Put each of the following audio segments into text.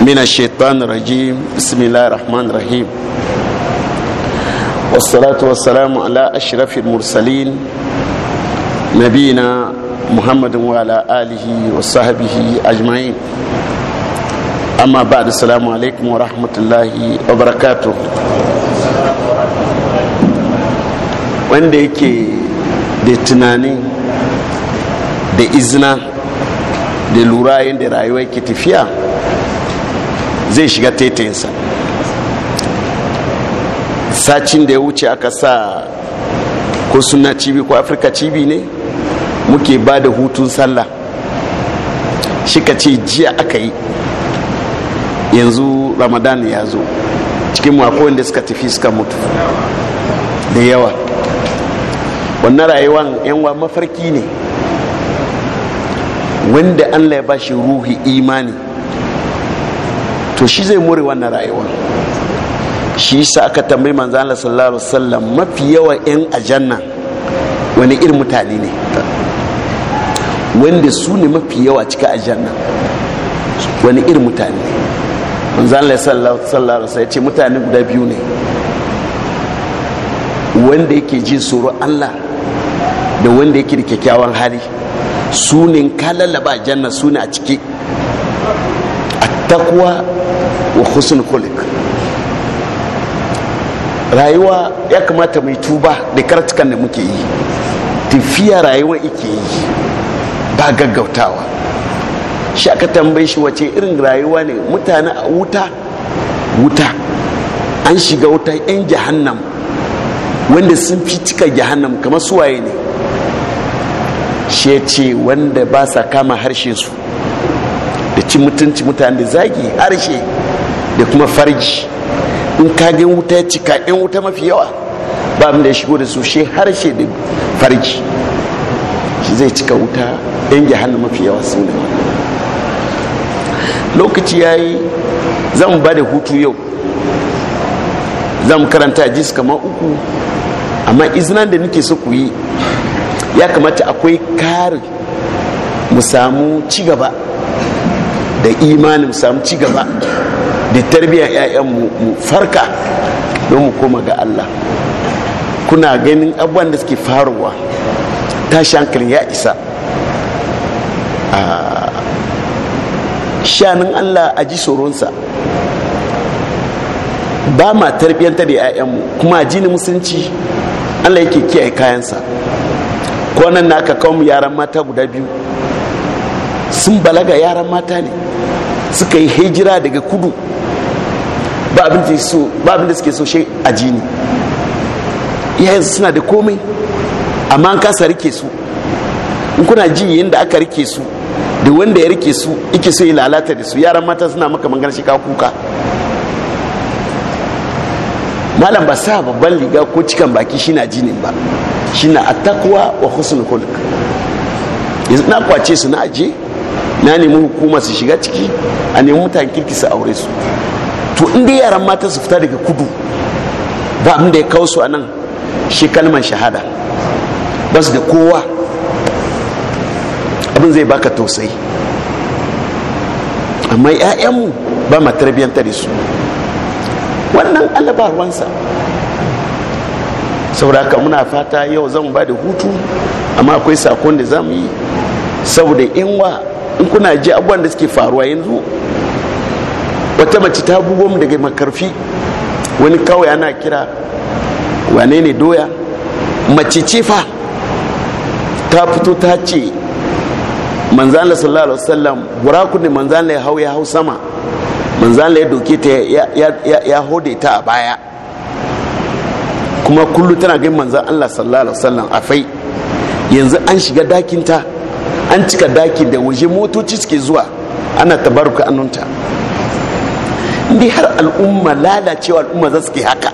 من الشيطان الرجيم بسم الله الرحمن الرحيم والصلاة والسلام على أشرف المرسلين نبينا محمد وعلى آله وصحبه أجمعين أما بعد السلام عليكم ورحمة الله وبركاته wanda yake da tunani da izina da lura yadda rayuwa ke tafiya zai shiga taitayinsa sacin da ya wuce aka sa ko suna cibi ko afirka cibi ne muke ba da hutun sallah shi ka ce jiya aka yi yanzu ramadan ya zo cikin mako wanda suka tafi suka mutu da yawa wannan rayuwan yanwa mafarki ne wanda allah ya ba shi ruhi imani to shi zai more wannan rayuwa shi sa aka tambayi manzo Allah sallallahu alaihi wasallam mafi yawa yan ajanna wani irin mutane ne wanda su ne mafi yawa cika ajanna wani irin mutane ne manzo Allah sallallahu alaihi wasallam ya ce mutane guda biyu ne wanda yake jin tsoron Allah da wanda yake da kyakkyawan hali su ne ka lallaba janna su ne a ciki a takwa wa husn kulik rayuwa ya kamata mai tuba da karatukan da muke yi tafiya rayuwa ike yi ba gaggautawa shi aka tambaye shi wace irin rayuwa ne mutane a wuta wuta an shiga wuta yan jahannam wanda sun fi cika jahannam kamar suwaye ne shi ce wanda ba sa kama su da ci mutunci mutane da zagi harshe da kuma farji in kagin wuta ya cika in wuta mafi yawa ba mu da shigo da su shi harshe da farji shi zai cika wuta yan hannu mafi yawa su ne lokaci ya yi zan ba da hutu yau zan karanta jis kamar uku amma izinan da nake so ku yi ya kamata akwai kari mu samu cigaba da imanin samu cigaba da tarbiyyar 'ya'yan mu farka don mu koma ga allah kuna ganin abubuwan da suke faruwa tashi hankalin ya isa a ah, shanin allah a ji tsoronsa ba ma tarbiyyanta da mu kuma a jini musulunci allah yake kiyaye kayansa kwanan na aka kawo yaran mata guda biyu sun balaga yaran mata ne suka yi hijira daga kudu ba abin da so ba abin da suke so shi a jini iyayen suna da komai amma an kasa rike su in kuna ji yadda aka rike su da wanda ya rike su ike so ya lalata da su yaran mata suna maka magana shi ka kuka malam ba sa babban riga ko cikan baki shi na jinin ba shi na atakwa wa husnul khuluq yanzu na kwace su na aje na nemi hukuma su shiga ciki a nemi mutane kirki su aure su to inda yaran mata su fita daga kudu ba abin da ya kawo su a nan shi kalmar shahada ba su da kowa abin zai baka tausayi amma 'ya'yanmu ba ma tarbiyyantar da su wannan alabarwansa Sau da muna fata yau zan ba da hutu amma akwai sakon da za mu yi saboda in in kuna ji abubuwan da suke faruwa yanzu wata mace ta bugo mu daga makarfi wani kawai ana kira wane ne doya mace ce fa ta fito ta ce manzan sallallahu alaihi wasallam burakun ne manzan ya hau ya hau sama manzan ya doke ta ya hode ta a baya kuma kullu tana ganin manzan Allah sallallahu alaihi wasallam a fai yanzu an shiga dakinta an cika daki da waje motoci suke zuwa ana tabaruka annunta inda har al'umma lalacewa al'umma za su ke haka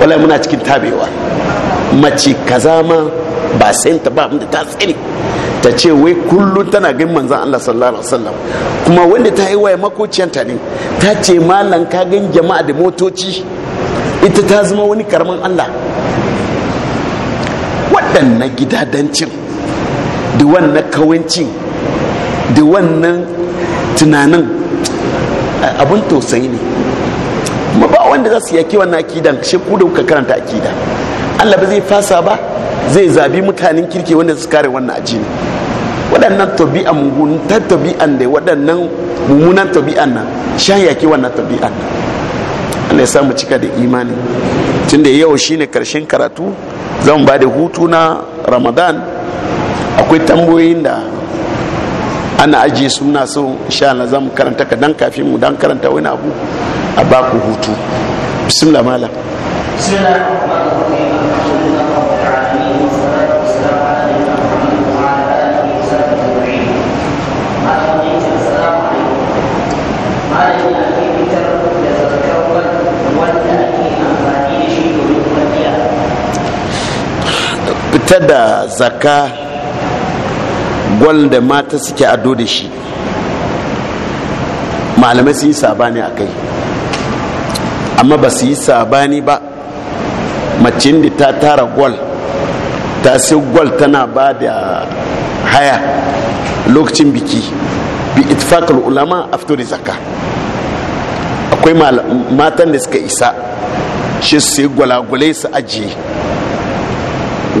wala muna cikin tabewa mace kaza ma ba sayin ta ba da ta tsini ta ce wai kullum tana gan manzan Allah sallallahu alaihi wasallam kuma wanda ta haiwaye makociyanta ne ta ce malam ka gan jama'a da motoci ita ta zama wani karamin Allah waɗannan gidadancin da wannan kawancin da wannan tunanin abun tausayi ne kuma ba wanda za su yaki wannan akidan shi ku da kuka karanta akida Allah ba zai fasa ba zai zabi mutanen kirki wanda su kare wannan ajini waɗannan tabi'an ta tabi'an da waɗannan mummunan tabi'an nan shan yaki wannan tabi'an nan Allah ya samu cika da imani tunda yau shine karshen karatu zan ba da hutu na ramadan akwai tambayoyin da ana ajiye suna so insha Allah za karanta ka dan kafin mu dan karanta wani abu a baku hutu bismillah malam fitar da zaka gwal da mata suke ado da shi malamai sun yi sabani a kai amma ba su yi sabani ba macin da ta tara gwal ta sai gwal tana ba da haya lokacin biki bi itfakar ulama afto da zaka akwai matan da suka isa shi sai gwalagwale su ajiye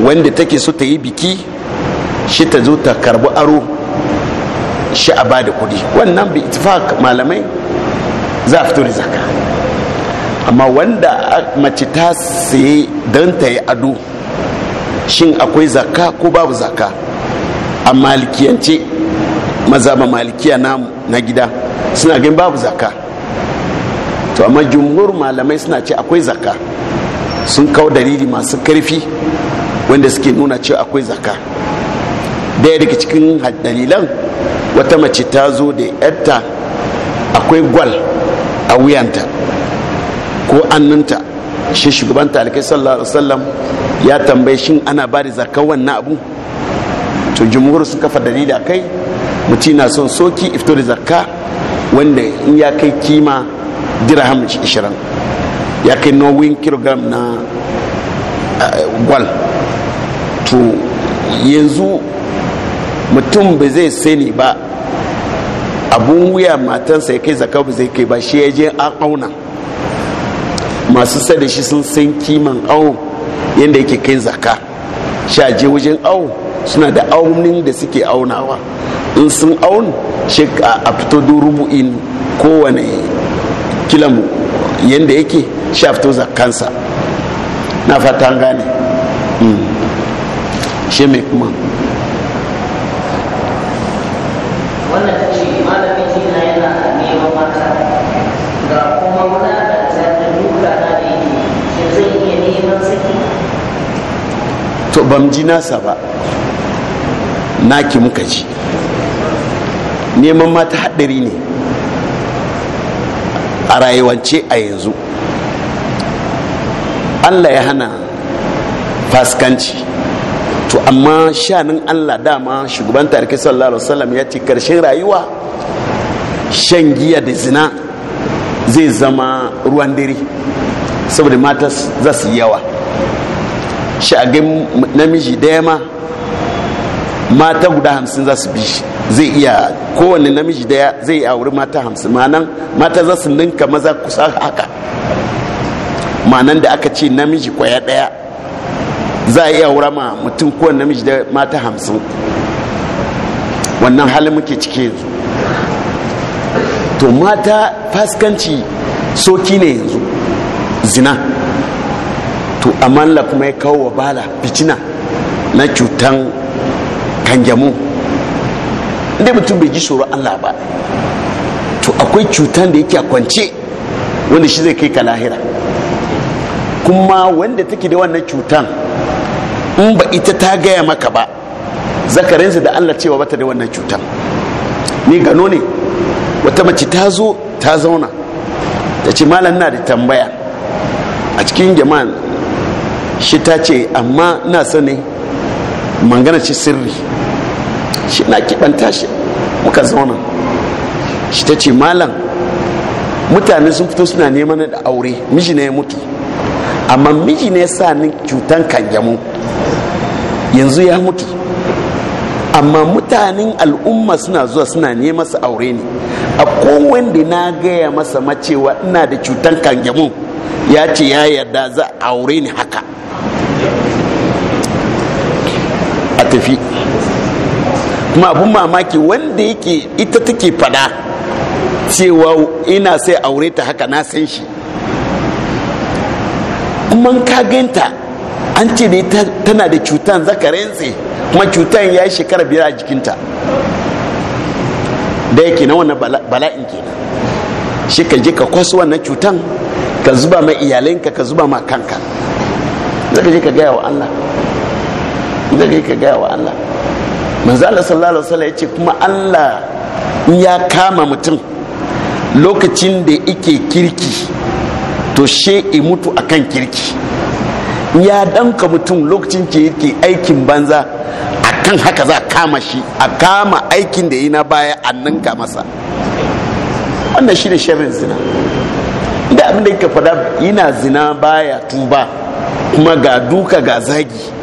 wanda take so ta yi biki shi ta zo ta karbi aro shi a bada kudi wannan bi itifak malamai za a fito da zaka amma wanda mace ta saye don ta yi ado shin akwai zaka ko babu zaka a malikiyance maza ma malikiya na gida suna gani babu zaka to amma jumhur malamai suna ce akwai zaka sun kawo dalili masu karfi wanda suke nuna cewa akwai zaka daya daga cikin dalilan wata mace ta zo da yadda akwai gwal a wuyanta ko annunta shi shugaban talikai sallallahu alaihi wasallam ya tambaye shin ana ba da zakar wannan abu to jumhur suka fa dalili kai mutum na son soki ifto da zakka wanda in ya kai kima dirham 20 ya kai nauyin kilogram na eh, gwal to yanzu mutum ba zai sani ba abun wuya matansa ya kai zaka ba zai kai ba shi ya je an auna masu sada shi sun san kiman awo yadda yake kai zaka sha je wajen awo suna da aunin da suke aunawa in sun aun shi a fito rubu'in kowane kilamu yadda yake sha fito zakansa na fata gane hmm. shi mai kuma to bam ji nasa ba naki muka ji neman mata haɗari ne a rayuwance a yanzu allah ya hana faskanci to amma shanin allah dama shugaban tarihi sallallahu alaihi wasallam ya ce karshen rayuwa shan giya da zina zai zama ruwan dare saboda mata za su yi yawa shagin namiji daya ma mata guda hamsin za su bi shi zai iya kowane namiji daya zai iya wuri mata hamsin ma'anan mata za su ninka maza kusa haka ma'anan da aka ce namiji kwaya daya za a iya wura ma mutum kowane namiji da mata hamsin wannan halin muke cike yanzu to mata fasikanci soki ne yanzu zina to amma la kuma ya kawo wa bala fitina na cutan kanjamu inda mutum bai ji tsoron Allah ba to akwai cutan da yake a kwance wanda shi zai kai ka lahira kuma wanda take da wannan cutan in ba ita ta gaya maka ba zakarinsa da Allah cewa bata da wannan cutan ni gano ne wata mace ta zo ta zauna ta ce malam na da tambaya a cikin jama'a shi ta ce amma na sani mangana ce sirri shi na kibanta shi muka zauna shi ta ce malam mutane sun fito suna neman da aure miji ne ya mutu amma miji ne ya sa ni cutan kanjamu yanzu ya mutu amma mutanen al'umma suna zuwa suna ne masa aure ne a kowanda na gaya masa macewa ina da cutan kanjamu ya ce ya yarda za aure ni haka tafi kuma abun mamaki wanda yake ita take fada cewa ina sai aure ta haka na san shi kuma ka ganta an ce da tana da cutan zaka rentse kuma cutan ya yi shekara biyar a jikinta da yake na wannan bala'in kenan shi ka je ka kwasu wannan cutan ka zuba ma iyalinka ka zuba ma kanka zaka je ka gaya wa allah da kai ka gaya wa Allah manzo Allah sallallahu alaihi wasallam yace kuma Allah in ya kama mutum lokacin da yake kirki to she i mutu akan kirki ya danka mutum lokacin ke yake aikin banza akan haka za kama shi a kama aikin da yi na baya a ninka masa wannan shi ne shirin zina da abin da yake faɗa yana zina baya tuba kuma ga duka ga zagi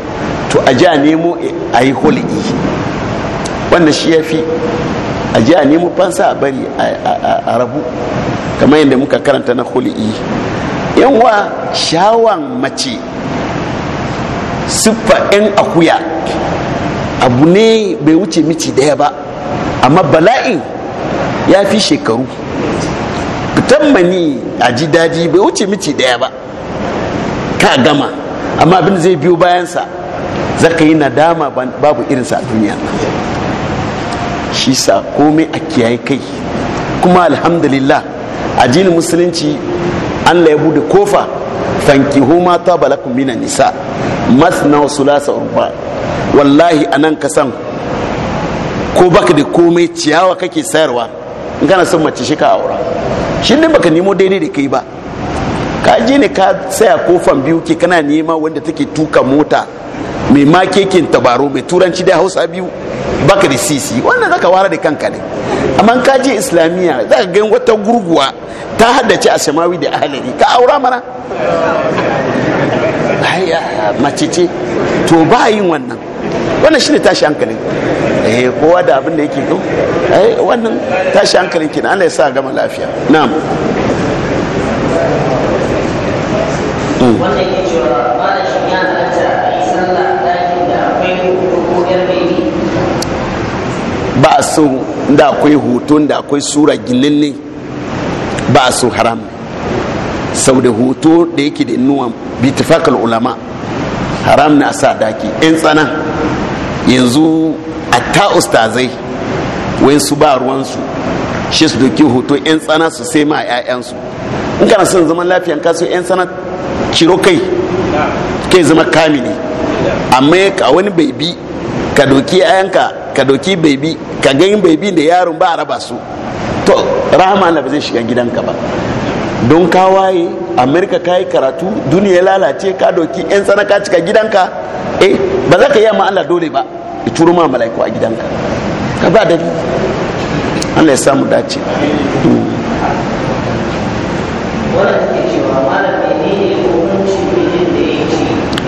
to a ja a nemo a yi hulɗi wannan shi ya fi a ja nemo fansa a bari a rabu kamar yadda muka karanta na hulɗi wa shawan mace siffa 'yan akuya abu ne bai wuce mici daya ba amma bala'in ya fi shekaru fitan mani a ji daji bai wuce mici daya ba ka gama amma abin zai biyo bayansa za ka yi nadama babu irinsa a duniya shi sa komai a kiyaye kai kuma alhamdulillah addinin musulunci allah ya bude kofa fankihu mata balakun mina nisa masna wasu lasa urba wallahi a nan kasan ko baka da komai ciyawa kake sayarwa in kana son mace shi ka aura shi ne baka nemo daidai da kai ba ka je ne ka saya kofan biyu ke kana nema wanda take tuka mota mai makekin tabaro mai turanci da hausa biyu baka da sisi wannan zaka wara da kanka ne amma ka je islamiyya zaka ga wata gurguwa ta haddace a samawi da ahalari ka aura mana haya mace to ba yin wannan wannan shine tashi hankali eh kowa da abin da yake to eh wannan tashi hankalin kenan Allah ya sa gama lafiya na'am hmm. wannan yake cewa ba a so da akwai hoton da akwai sura gillille ba a so haram sau da hoto da yake da inuwa bitifakal ulama haram na sa daki yan tsana yanzu a ta ustazai wai su ba ruwansu shi su doki hoto yan tsana su sai ma 'ya'yansu in kana son zaman lafiyan kasu yan tsana ciro kai kai zama kamini amma a wani bai bi ka doki ayanka ka doki bebi ka ganin bebi da yaron ba a raba su to rahama na ba zai shiga gidanka ba don ka waye amerika ka yi karatu duniya lalace ka doki yan ka cika gidanka eh ba za ka yi ma Allah dole ba ya turo ma mala'iku a gidanka ka ba dalili Allah ya samu dace hmm.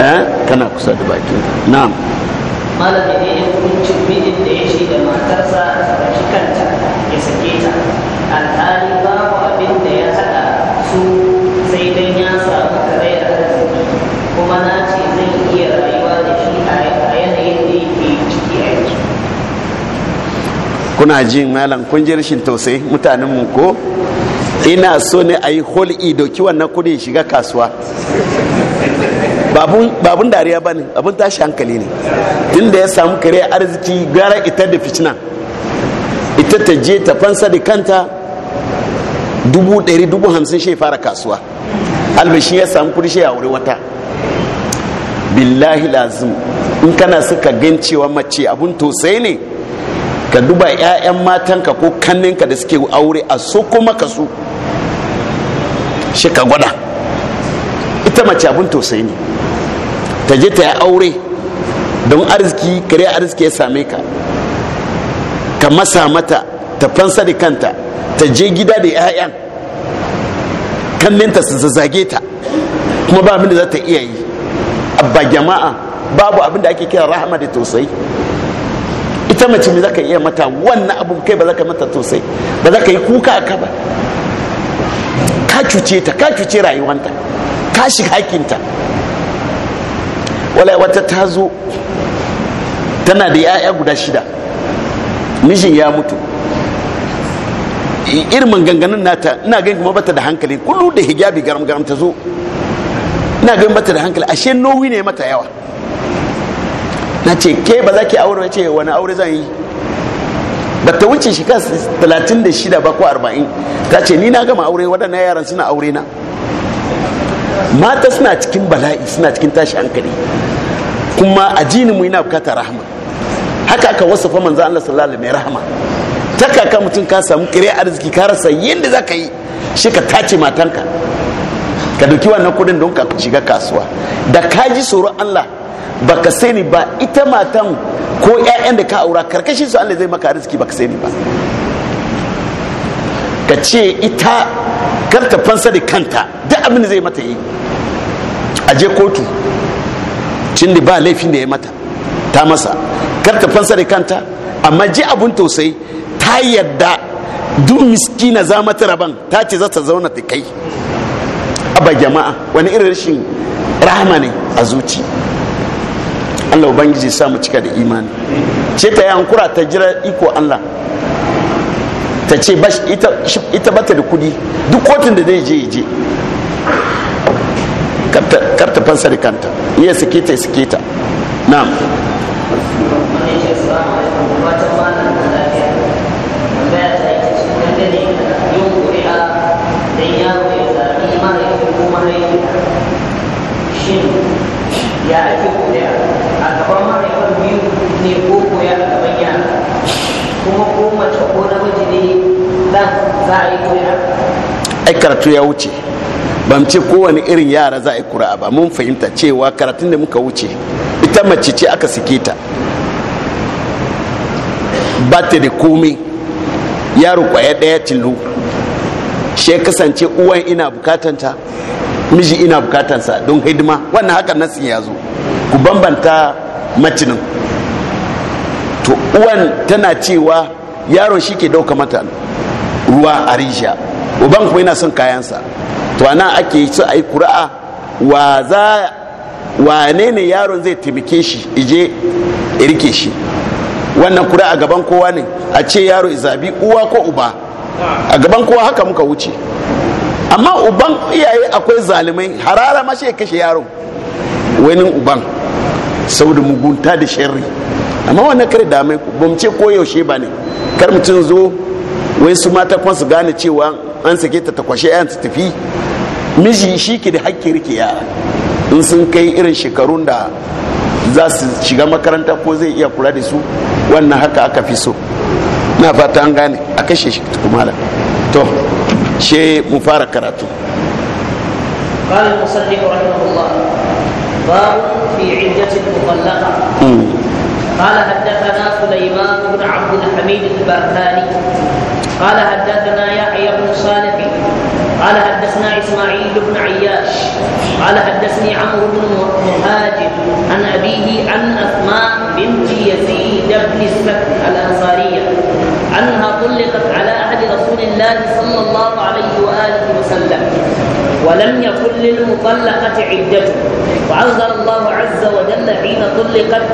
eh kana kusa da baki na'am malami ne ya hukuncin mijin da ya ce da matarsa a saki kanta ya sake ta alhali babu abin da ya haɗa su sai dai ya samu karai da arziki kuma na ce zai iya rayuwa da shi a yanayin da yake ciki a yanzu kuna jin malam kun ji rashin tausayi mutanen mu ko ina so ne a yi hul'i doki wannan kudin shiga kasuwa babun dariya ba ne abun tashi hankali ne tun da ya samu kare arziki gara ita da fitina ita ta je ta fansa da kanta dubu ɗari dubu hamsin shi fara kasuwa albashi ya samu kudi shi a wuri wata billahi lazim in kana suka gan cewa mace abun tosai ne ka duba 'ya'yan matanka ko kanninka da suke aure a so kuma kasu shi ka gwada ita mace abin tausayi ne ta je ta yi aure don arziki kare arziki ya same ka ka masa mata ta fansa da kanta ta je gida da 'ya'yan kanninta su zage ta kuma ba abin da za ta iya yi abba jama'a babu abin da ake kira rahama da tausayi ita mace me zaka iya mata wannan abun kai ba zaka mata tausayi ba zaka yi kuka ka ba ka cuce ta ka cuce rayuwanta tashi hakinta wala wata ta zo tana da 'ya'ya guda shida mijin ya mutu irin ganganin nata ina gan kuma bata da hankali kullu da hijabi garam garam ta zo ina gan bata da hankali ashe nowi ne mata yawa na ce ke ba za ki aure ya ce wani aure zan yi ba ta wuce shekara talatin da shida ba ko arba'in ta ce ni na gama aure waɗannan yaran suna aure na mata suna cikin bala'i suna cikin tashi hankali kuma a mu yana bukatar rahama haka aka wasafa manzo Allah sallallahu alaihi rahama ta kaka mutum ka samu kire arziki ka rasa yadda za ka yi shi ka tace matanka ka doki wannan kudin don ka shiga kasuwa da ka ji tsoron Allah baka sani ba ita matan ko ƴaƴan da ka aura karkashin su Allah zai maka arziki baka sani ba ka ce ita kar ta fansa da kanta duk abin da zai mata yi a je kotu cin da ba laifin da ya mata ta masa kar ta fansa da kanta amma je abin tausayi ta yadda duk miskina za mata raban ta ce za ta zauna ta kai abba jama'a wani irin rashin rahama ne a zuci allah ubangiji sa mu cika da imani ce ta yi hankura ta jira iko allah ta ce ita bata da kudi duk kotun da zai je je karta fansa da kanta iya sike ta sike ta na'am nan ai karatu ya wuce ban ce kowane irin yara za a yi kuri'a ba mun fahimta cewa karatun da muka wuce ita mace ce aka sike ta ba ta da komai yaro kwaya daya tilo she kasance uwan ina bukatanta miji ina bukatansa don hidima wannan haka nasin ya zo ku bambanta macinin to uwan tana cewa yaron shi ke dauka mata ruwa a rijiya uban kuma yana son kayansa to ana ake so a yi kura'a wa za wa ne yaron zai taimake shi ije rike shi wannan kura a gaban kowa ne a ce yaro izabi uwa ko uba a gaban kowa haka muka wuce amma uban iyaye akwai zalimai harara ma ya kashe yaron wani uban da mugunta da sharri amma wannan kare da mai bamce ko yaushe ba ne kar mutum zo wai su mata kwan su gane cewa an sake ta takwashe yan ta tafi miji shi ke da hakki rike ya in sun kai irin shekarun da za su shiga makaranta ko zai iya kula da su wannan haka aka fi so na fata an gane a kashe shi kumala to she mu fara karatu قال حدثنا سليمان بن عبد الحميد البغدادي قال حدثنا يحيى بن صالح قال حدثنا اسماعيل بن عياش قال حدثني عمرو بن مهاجر عن ابيه عن اسماء بنت يزيد بن السبت الانصاريه انها طلقت على احد رسول الله صلى الله عليه آله وسلم ولم يكن للمطلقة عدة وأنزل الله عز وجل حين طلقت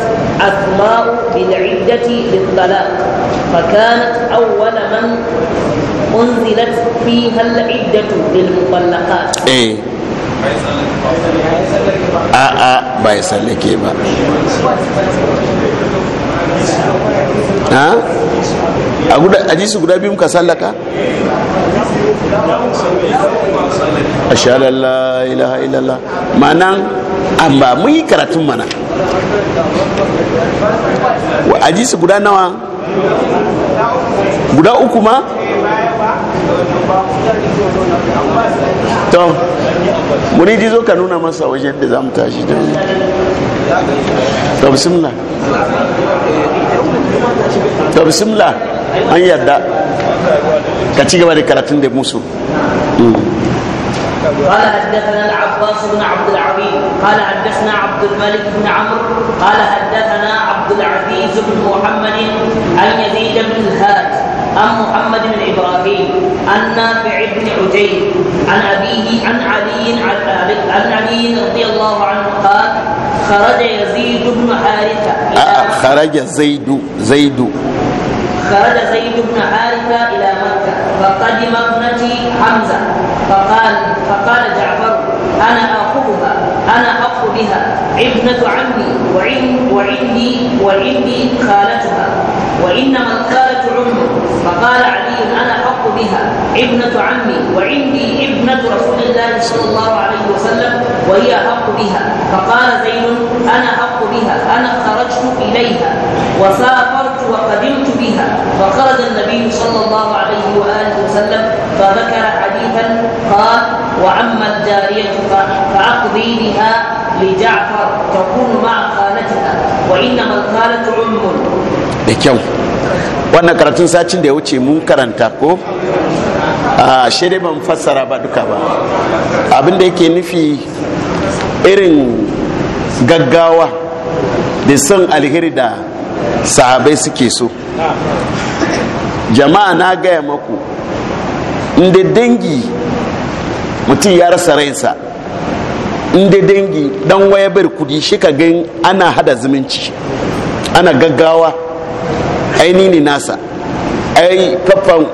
أسماء بالعدة للطلاق فكانت أول من أنزلت فيها العدة للمطلقات. إيه. A ba ya tsallake ba a a su guda biyu ka sallaka a shalallah ilaha illallah an ba mun yi karatun mana a ji su guda nawa guda uku ma to zo ka nuna masa wajen da za mu tashi da to bismillah to bismillah an yarda ka ci gaba da karatun da musu hmm. قال حدثنا العباس بن عبد قال حدثنا عبد الملك بن عمرو قال حدثنا عبد العزيز بن محمد عن يزيد بن الهاد عن محمد بن إبراهيم عن نافع بن عجيب عن أبيه عن علي عن علي رضي الله عنه قال خرج يزيد بن حارثة آه خرج زيد زيد خرج زيد بن حارثة إلى مكة فقدم ابنتي حمزة فقال فقال جعفر أنا أخوها أنا أخو بها ابنة عمي وعندي وعندي خالتها وإنما الكارة عمر فقال علي أنا حق بها ابنة عمي وعندي ابنة رسول الله صلى الله عليه وسلم وهي حق بها فقال زيد أنا حق بها أنا خرجت إليها وسافرت وقدمت بها فخرج النبي صلى الله عليه وآله وسلم فذكر حديثا قال وعم الجارية فأقضي بها لجعفر تكون معك da kyau wannan karatun sacin da ya wuce mun karanta ko a shirya ban fassara ba duka ba abinda yake nufi irin gaggawa da son alheri da sahabai suke so jama'a na gaya maku inda dangi mutum ya rasa rainsa inda dangi dan waya bar kudi shi ka gan ana hada zumunci ana gaggawa aini ne nasa ai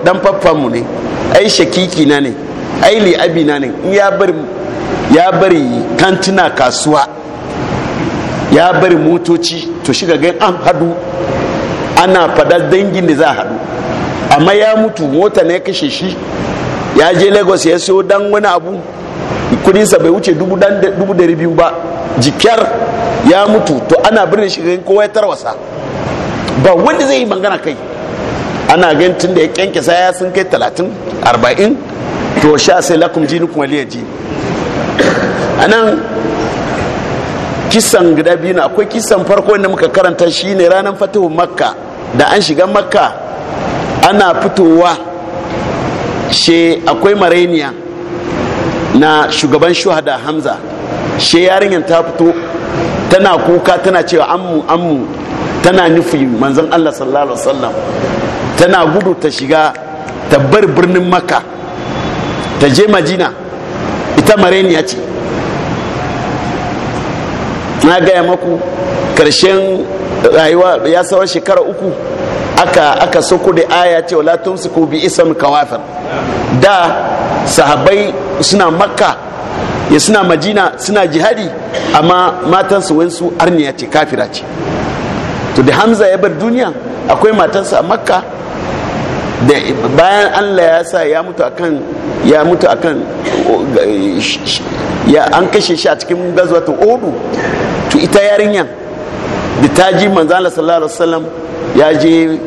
dan mu ne ai shakiki na ne ai li'abi na ne ya bari ya bari kantina kasuwa ya bari motoci to shiga gan an hadu ana fada dangin da za a hadu amma ya mutu mota ne ya kashe shi ya je lagos ya so dan wani abu kudinsa bai wuce dubu dari biyu ba jikiyar ya mutu to ana birnin shi kowa ya tarwasa ba wanda zai yi magana kai ana gan tun da ya kyankyasa ya sun kai talatin arba'in to sha sai lakum jini kuma liya jini a nan kisan guda biyu na akwai kisan farko da muka karanta shi ne ranar fatihu makka da an shiga makka ana fitowa she akwai marainiya. na shugaban shuhada hamza she yarinyar ta fito tana kuka tana cewa ammu ammu tana nufi manzon allah sallallahu alaihi wasallam tana gudu ta shiga ta bar birnin maka ta je majina ita mareniya ce na gaya maku karshen rayuwa ya sawar shekara uku aka aka soko da aya ce wala ko bi isan kawafir da sahabai suna makka ya suna majina suna jihadi amma matansu wansu arniya ce kafira ce to da hamza ya bar duniya akwai matansa a makka da bayan allah ya sa ya mutu akan ya mutu akan ya an kashe shi a cikin gazwatun odu to ita yarinya da ta ji manzana sallallahu alaihi wasallam ya je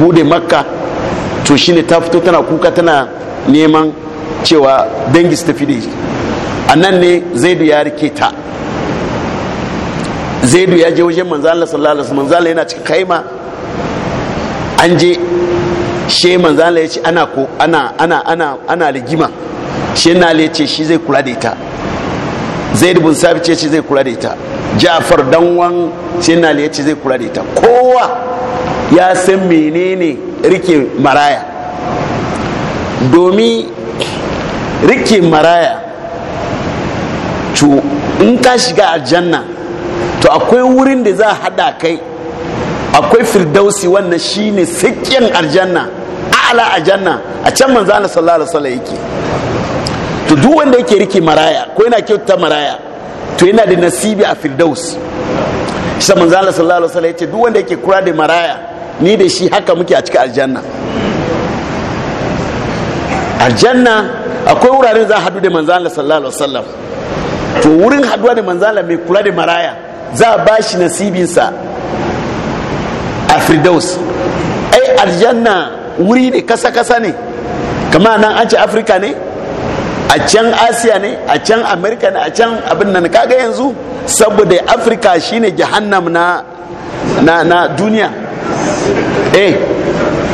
bude makka to shine ta fito tana kuka tana neman cewa dangi su tafi da shi a nan ne zaidu ya rike ta zaidu ya je wajen manzala sallallahu alaihi manzala yana cikin kaima an je she manzala ya ce ana ko ana ana ana ana rigima she na ya ce shi zai kula da ita Zaidu bin sabi ce shi zai kula da ita ja'far danwan she na ya ce zai kula da ita kowa ya san menene rike maraya domin rike maraya to in ka shiga aljanna to akwai wurin da za a hada kai akwai firdausi wannan shine sikyan aljanna a'la aljanna a can manzo Allah sallallahu alaihi wasallam yake to duk wanda yake rike maraya ko yana kyauta maraya to yana da nasibi a firdaus shi manzo Allah sallallahu alaihi wasallam yace duk wanda yake kura da maraya ni da shi haka muke a cikin aljanna aljanna akwai wuraren za a hadu da manzan Allah sallallahu alaihi wasallam to wurin haduwa da manzan Allah mai kula da maraya za a bashi nasibinsa a firdaus ai aljanna wuri ne kasa kasa ne kama nan an ce afirka ne a can asiya ne a can amerika ne a can abin nan kaga yanzu saboda afirka shine jahannam na na na duniya eh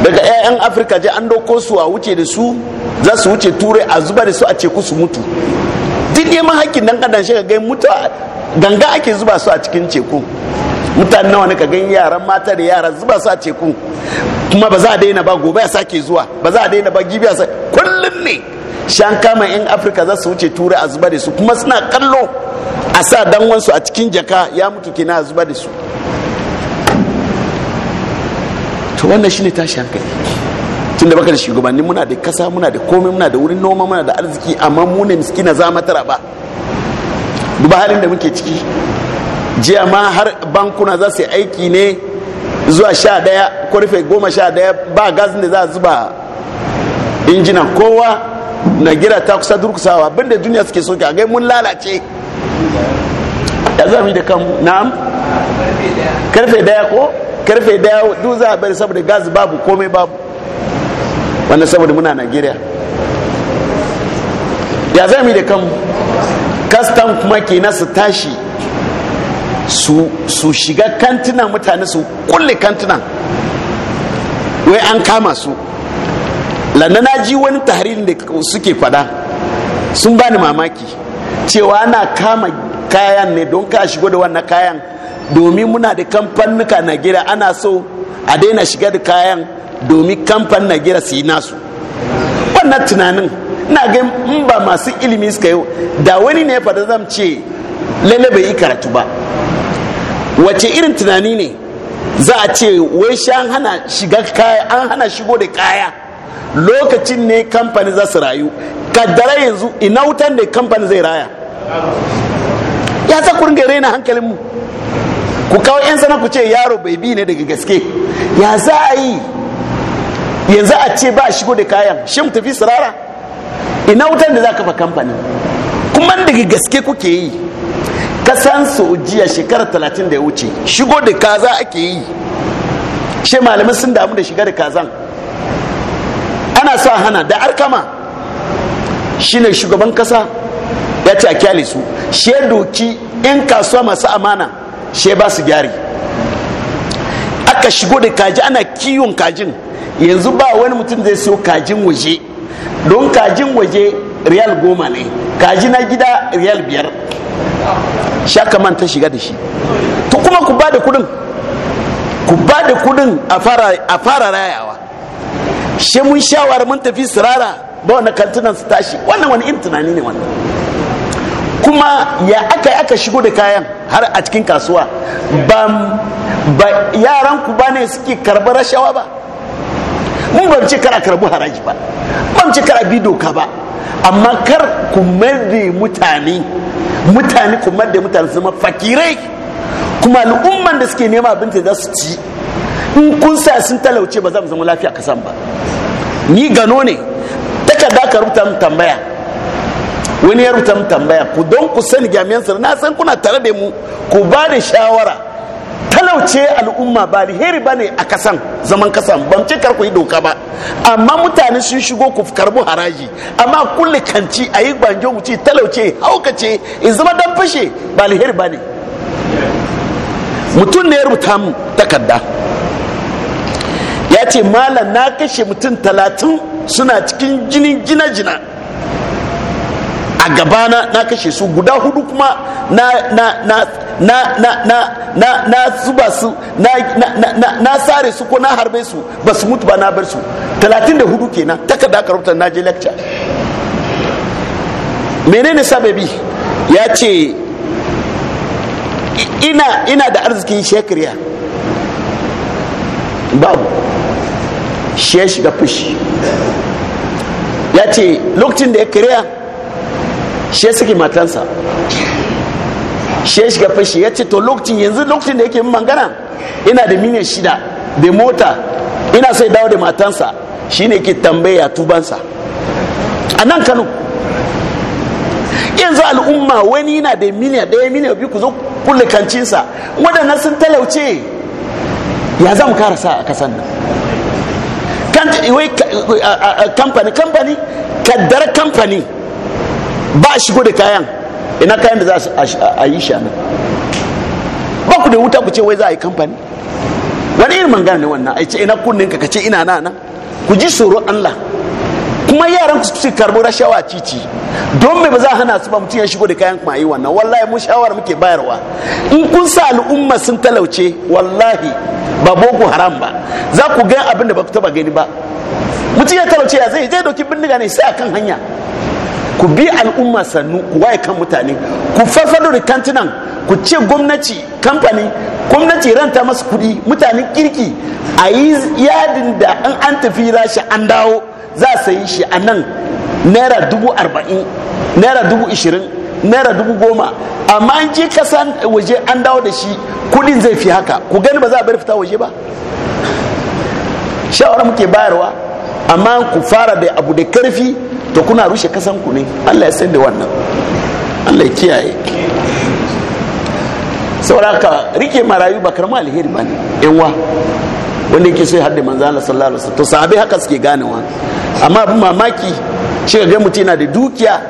daga 'ya'yan afirka je an dauko su a wuce da su za su wuce turai a zuba da su a ceku su mutu duk ne hakkin dan kadan shi ga mutu ganga ake zuba su a cikin ceku mutane nawa ne ka gani yaran mata da yara zuba su a ceku kuma ba za a daina ba gobe a sake zuwa ba za a daina ba gibi a sake kullum ne shan kama yan afirka za su wuce turai a zuba da su kuma suna kallo a sa danwansu a cikin jaka ya mutu kina a zuba da su to wannan shine tashi hankali tunda baka da shugabanni muna da kasa muna da komai muna da wurin noma muna da arziki amma mu ne miskina za matara ba duba halin da muke ciki jiya ma har bankuna za su yi aiki ne zuwa sha daya rufe goma sha daya ba gas ne za a zuba injina kowa na gira ta kusa durkusawa abinda duniya suke so ga mun lalace ya zami da kan na'am karfe daya ko karfe daya duk za a bari saboda gas babu komai babu wannan saboda muna nigeria ya zami da kan kastan kuma ke su tashi su shiga kantinan mutane su kulle kantinan wai an kama su lanna na ji wani tarihin da suke fada sun bani mamaki cewa ana kama kayan ne don ka shigo da wannan kayan domin muna da kamfanuka na gira, ana so a daina shiga da kayan domin kamfanin na gida su yi nasu wannan tunanin na ga in ba masu ilimi suka yi da wani ne fada zan ce lalle bai yi karatu ba wace irin tunani ne za a ce wai shan hana shiga kaya an hana shigo da kaya lokacin ne kamfani za su rayu kaddara yanzu ina wutan da kamfani zai raya ya sa kurin gare na hankalin mu ku kawo 'yan sana ku ce yaro bai bi ne daga gaske ya za a yi yanzu a ce ba shigo da kayan shim tafi sirara ina wutar da za ka fa kamfanin? kuma daga gaske kuke yi kasan sojiya shekara talatin da ya wuce shigo da kaza ake yi shi malamai sun damu da shiga da kazan ana sa hana da arkama shine shugaban kasa ya ce a kyale su doki in kasuwa masu amana shi ba su gyari aka shigo da kaji ana kiwon kajin yanzu ba wani mutum zai siyo kajin waje don kajin waje riyal goma ne kaji na gida riyal biyar shaka man ta shiga da shi to kuma ku ba da kudin ku ba da kudin a fara rayawa shi mun shawar mun tafi sirara ba wani kantunan su tashi wannan wani in tunani ne wannan kuma ya aka aka shigo da kayan har a cikin kasuwa ba yaran ku ba ne suke karba rashawa ba mun ba ce kara karbu haraji ba ban ce kara bi doka ba amma kar ku mai mutane mutane ku marde mutane zama fakirai kuma al'umman da suke nema abinci za su ci in kun sa sun talauce ba za mu zama lafiya kasan ba ni gano ne takarda ka rubuta tambaya wani ya rubuta tambaya ku don ku sani jami'an tsaro na san kuna tare da mu ku ba da shawara talauce al'umma ba alheri ba ne a kasan zaman kasan ban ce kar ku yi doka ba amma mutane sun shigo ku karbu haraji amma kulle kanci a yi banjo ce talauce haukace in zama dan fashe ba alheri ba ne mutum ne ya rubuta mu takarda ya ce malam na kashe mutum talatin suna cikin jinin jina-jina a gabana na kashe su guda hudu kuma na zuba su na na sare su ko na harbe su ba su mutu ba na bar su 34 kenan takarda aka rubuta na je lecture menene sababi ya ce ina da arzikin shekariya babu shi ya shiga fushi ya ce lokacin da ya kariya shi ya saki matansa shi ya shiga fashi ya ce to lokacin yanzu lokacin da yake min mangana ina da miliyan shida da mota ina sai dawo da matansa shi ne ke tambaya tubansa a nan kano yanzu al'umma wani yana da miliyan ɗaya miliyan biyu ku zo kulle kancinsa waɗannan sun talauce ya za mu karasa a kasan nan kamfani kamfani kaddar kamfani ba a shigo da kayan ina kayan da za a yi shana ba ku da wuta ku ce wai za a yi kamfani wani irin mangana ne wannan ai ce ina kunnin ka ce ina na nan ku ji tsoron Allah kuma yaran ku su karbo rashawa titi don me ba za a hana su ba mutum ya shigo da kayan kuma yi wannan wallahi mu shawara muke bayarwa in kun sa al'umma sun talauce wallahi ba boko haram ba za ku ga abin da ba ku taba gani ba mutum ya talauce ya zai je doki bindiga ne sai akan hanya ku bi al'umma sannu ku waye kan mutane ku farfado da kantinan ku ce gwamnati kamfani gwamnati ranta masu kudi mutane kirki a yi yadin da an an tafi rashi an dawo za a sayi shi a nan naira dubu arba'in naira dubu ishirin naira dubu goma amma an je kasa waje an dawo da shi kudin zai fi haka ku gani ba za a bari fita waje ba shawara muke bayarwa amma ku fara da abu da karfi to kuna rushe kasan ku ne allah ya san da wannan allah ya kiyaye sauraka rike marayu ba karma alheri ba ne yanwa wanda yake so ya hadda manzo Allah sallallahu alaihi wasallam to sahabbai haka suke ganewa amma abin mamaki shi ga mutum yana da dukiya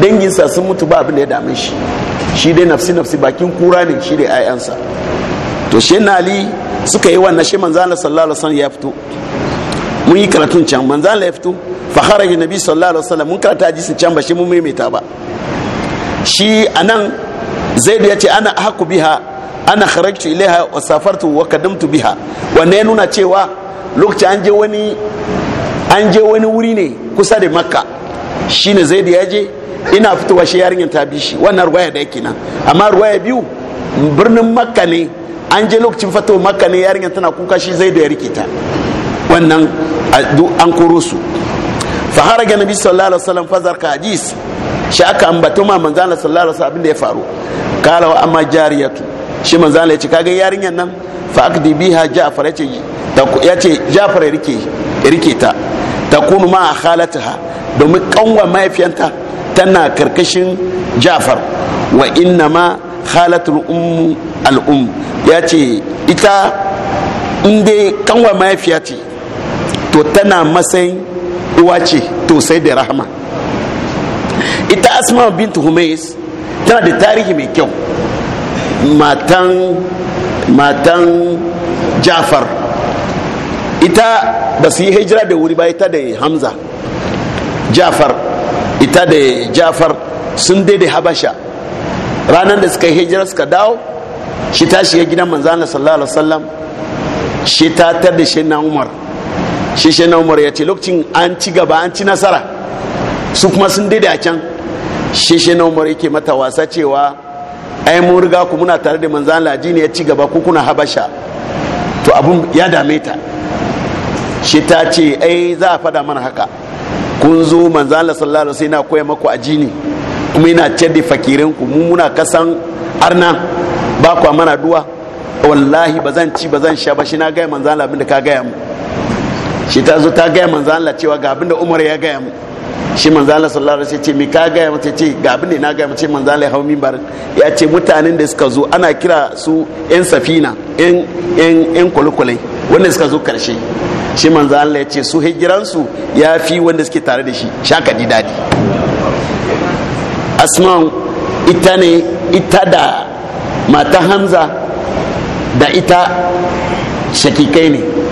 danginsa sun mutu ba abin da ya dame shi shi dai nafsi nafsi bakin kura ne shi dai ayansa to shi na suka yi wannan shi manzo Allah sallallahu alaihi wasallam ya fito mun yi karatun can manzo Allah ya fito fa kharaja nabi sallallahu alaihi wasallam mun karata hadisin can ba shi mun maimaita ba shi anan zaid ya ce ana haku biha ana kharajtu ilaiha wa safartu wa kadamtu biha wanne nuna cewa lokacin an je wani an je wani wuri ne kusa da makka shine zaid ya je ina fitowa shi yarinyar ta bi shi wannan ruwaya da yake nan amma ruwaya biyu birnin makka ne an je lokacin fito makka ne yarinyar tana kuka shi zai da ya rike ta wannan an koro su fa haraga nabi sallallahu alaihi wasallam fazar ka hadis shi aka ambato ma manzo Allah sallallahu alaihi wasallam abin da ya faru kala wa amma jariyatu shi manzo Allah ya ce kaga yarinyan nan fa akdi biha Ja'far yace ya ce Ja'far rike rike ta takunu ma khalataha domin kanwa mahaifiyanta tana karkashin Ja'far wa inna ma khalatul ummu al um ya ce ita inda kanwa mahaifiya ce to tana matsayin uwa ce to sai da rahama ita asma bintu humais tana da tarihi mai kyau matan matan jafar ita ba su yi hijira da wuri ba ita da hamza jafar ita da jafar sun daidai habasha ranar da suka yi hijira suka dawo shi ta shiga gidan manzana sallallahu alaihi wasallam shi ta tar da shi na umar shi shi na umar ya ce lokacin an ci gaba an ci nasara su kuma sun daida can shi shi na umar yake mata wasa cewa ai mun riga ku muna tare da manzan laji ne ya ci gaba ku kuna habasha to abun ya dame ta shi ta ce ai za a fada mana haka kun zo manzan la sallallahu alaihi wasallam koya maku ajini kuma yana ce da fakirin ku mu muna kasan arna ba ku mana duwa wallahi ba zan ci ba zan sha ba shi na gaya manzan Allah abin da ka gaya mu shi ta zo ta gaya manzo Allah cewa ga abin da Umar ya gaya mu shi manzo Allah sallallahu alaihi wasallam ce mi ka gaya mu ce ga abin da na gaya mu ce manzo Allah ya hawo minbar ya ce mutanen da suka zo ana kira su yan safina yan yan yan kulukule wanda suka zo karshe shi manzo Allah ya ce su su ya fi wanda suke tare da shi shaka di dadi asman ita ne ita da mata hamza da ita shakikai ne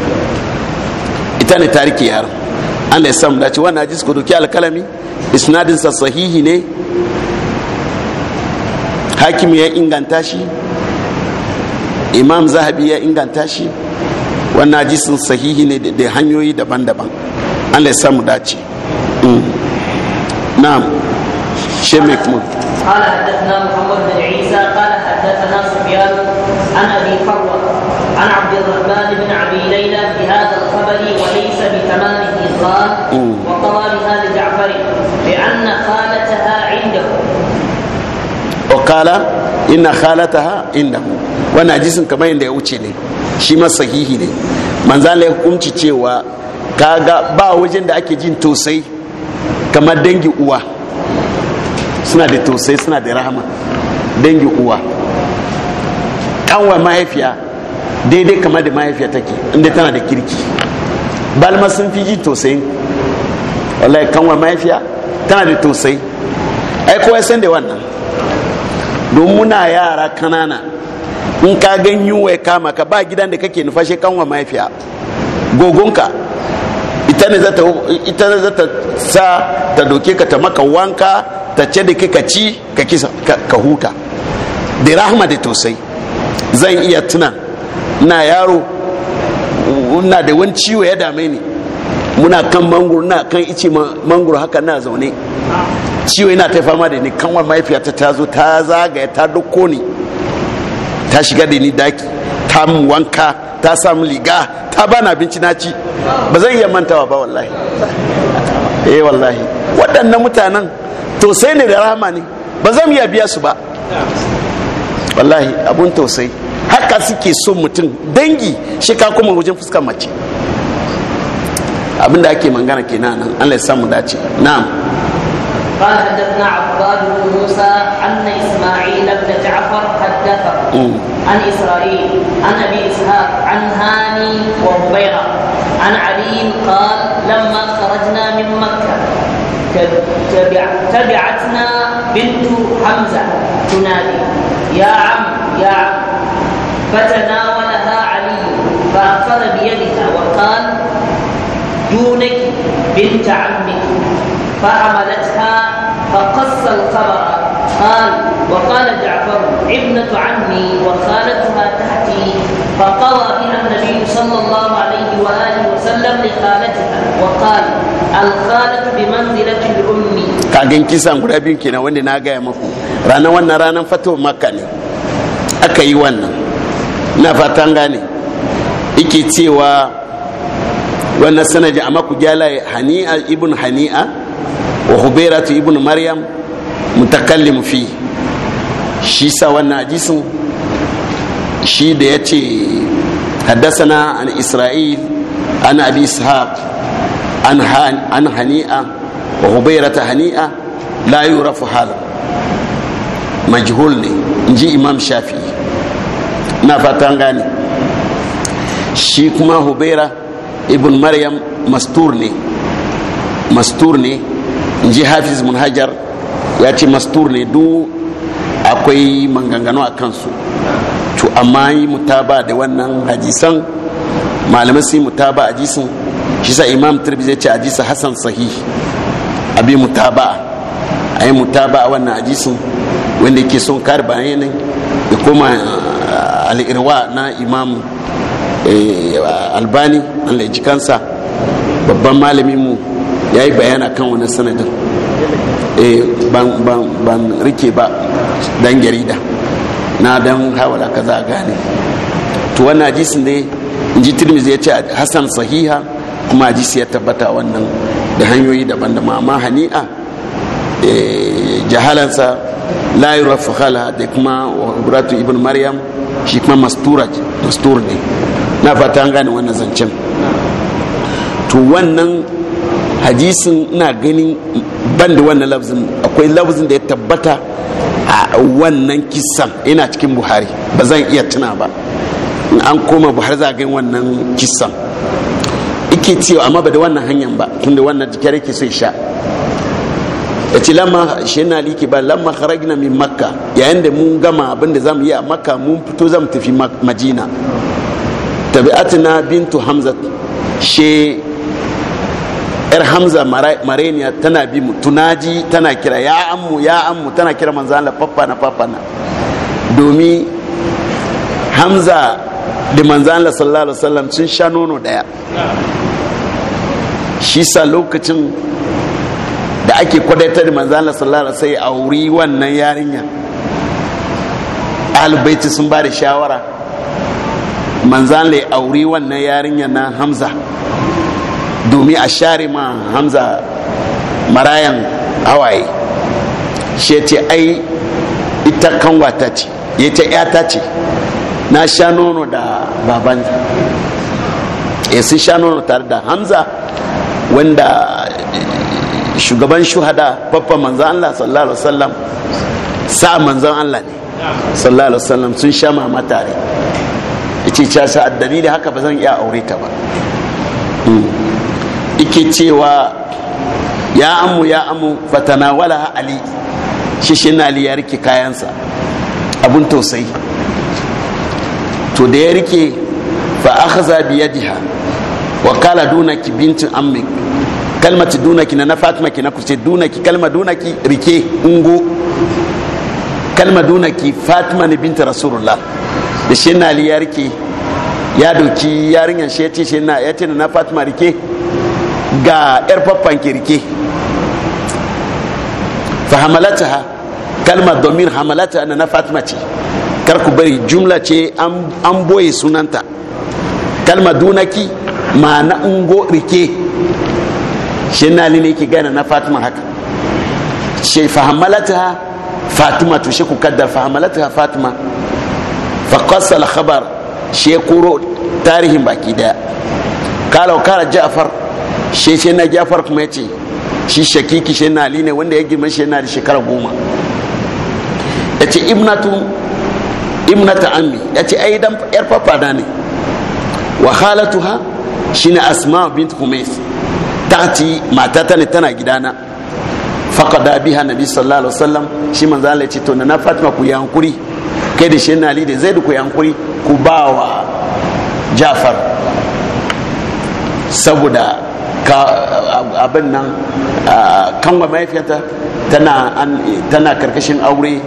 ita ne tariki yar Allah ya samu dace wannan hadis ku doki alkalami isnadin sa sahihi ne hakim ya inganta shi imam zahabi ya inganta shi wannan hadisin sahihi ne da hanyoyi daban-daban Allah ya samu dace mm. na'am shemek mu قال حدثنا محمد بن qala inna khalataha indahu wannan hadisin kamar yadda ya wuce ne shi ma sahihi ne manzo Allah ya hukunci cewa kaga ba wajen da ake jin tosai kamar dangi uwa suna da tosai suna da rahama dangi uwa kanwa mahaifiya daidai kamar da mahaifiya take inda tana da kirki balma sun fi ji tosai wallahi kanwa mahaifiya tana da tosai ai kowa san da wannan don muna yara kanana in ka gan yunwa ya kama ka ba gidan da kake nufashe kanwa mafiya gogonka ita ne za ta sa ta doke ka ta maka wanka ta ce da ka ci ka huta da rahama da tosai zan iya tuna na yaro na da wani ciwo ya dame ni muna kan mangoro na kan ice mangoro haka na zaune ciwo yana ta fama da ni kanwar mahaifiyata ta zo ta zagaya ta doko ni ta shiga da ni daki ta mu wanka ta samu liga ta bani abinci na ci ba zan iya mantawa ba wallahi eh wallahi waɗannan mutanen sai ne da rahama ne ba zan iya biya su ba wallahi abun Tausayi haka suke so mutum dangi shi ka kuma wajen fuskar mace abinda ake mangana kenan nan allah ya samu dace na'am قال حدثنا الله بن موسى أن إسماعيل بن جعفر حدثه عن إسرائيل عن أبي إسحاق عن هاني وهبيرة عن علي قال لما خرجنا من مكة تبع تبعتنا بنت حمزة تنادي يا عم يا عم فتناولها علي فأخذ بيدها وقال دونك بنت عم فعملتها فقص الخبر قال وقال جعفر ابنة عمي وخالتها تحتي فقضى بها النبي صلى الله عليه وآله وسلم لخالتها وقال الخالة بمنزلة الأم kagin kisan guda biyu kenan wanda na gaya muku ranar رانا ranar fatuwar makka ne aka yi wannan na fatan gane ike cewa wannan sanadi amma ku gyala hani'a ibn hani'a wa hubairatu ibnu maryam mutakallim fi shi sa wannan hadisin shi da ya ce na an isra'il an abi ishaq an hani'a wa hubairata hani'a la yi yurafu hada majhul ne in ji imam shafi na fatan gane shi kuma hubera ibn maryam mastur ne mastur ne in ji hafiz mun hajar ya ce mastur ne duk akwai manganganu a kansu to amma yi mutaba da wannan hadisan malamai sun yi mutaba jisun shi sa imam turbi zai ce hadisa hasan sahih abi mutaba a yi mutaba a wannan hadisin wanda ke son kare bayanai da kuma eh, al'irwa na imam eh, albani an ji kansa babban malamin mu ya yi bayana kan wani sanadin eh, ban rike ba dan jarida na dan hawala ka za a gane to wannan hadisin dai in ji tirmizi ya ce hasan sahiha kuma hadisi ya tabbata wannan da hanyoyi daban da mama hani'a eh, jahalansa la yurafu khala da kuma ibratu ibn maryam shi kuma mastura mastur ne na fata an gane wannan zancen to wannan hadisin na ganin ban da wannan lafzin akwai lafzin da ya tabbata a wannan kisan yana cikin buhari ba zan iya tuna ba in an koma buhari za a gani wannan kisan ike cewa amma ba da wannan hanyar ba tunda wannan jikar yake sai sha ya ce lamma shi yana liki ba lamma haragina min makka yayin da mun gama abin da zamu yi a makka mun fito zamu tafi majina tabi'atina bintu hamzat she yar hamza mareniya tana bi mu tunaji tana kira ya ammu ya ammu tana kira manzo Allah papa na papa na domin hamza da manzo Allah sallallahu alaihi wasallam sun sha nono daya shi sa lokacin da ake kwadaita da manzo Allah sallallahu alaihi wasallam sai auri wannan yarinya albaiti sun ba da shawara manzo Allah auri wannan yarinya na hamza domin a share ma hamza marayan hawaye shi ce ai ita kanwata ce ya ce yata ce na sha nono da baban ya eh, sun sha nono tare da hamza wanda shugaban shuhada babban manzan allah sallallahu alaihi wasallam sa manzan allah ne sallallahu alaihi wasallam sun sha mama tare ya ce ca sa addani da haka ba zan iya aure ta ba hmm. suke cewa ya amu ya amu fatana wala ali shi ali ya rike kayansa abun tausayi to da ya rike fa akhza bi yadiha wa qala dunaki bintu ammik kalmati dunaki na fatima ki na kuce dunaki kalma dunaki rike ungo kalma dunaki fatima ne binta rasulullah da shi na ali ya rike ya doki yarinyar shi ya ce na fatima rike ga yar faffan kirke fa hamalata ha kalmar domin hamalata na na fatima ce kar ku bari jumla ce an boye sunanta kalma dunaki ma na ungo rike shi na ne ke gane na fatima haka shi fahimalata fatima to shi ku kaddar fahimalata fatima faƙasar khabar shi koro tarihin baki daya kala wa kara ja'far shi shi na jafar kuma ya ce shi shakiki shi na ne wanda ya girma shi na da shekara goma ya ce ibnatu ibnata ammi ya ce ai dan yar fafada ne wa khalatuha shine asma bint kumais tati ta ne tana gidana faqada biha nabi sallallahu alaihi wasallam shi manzo Allah ya ce to na fatima ku yi hankuri kai da shi na ali da zaid ku yi hankuri ku bawa jafar saboda ka abin nan kanwa mahaifiyarta tana karkashin aure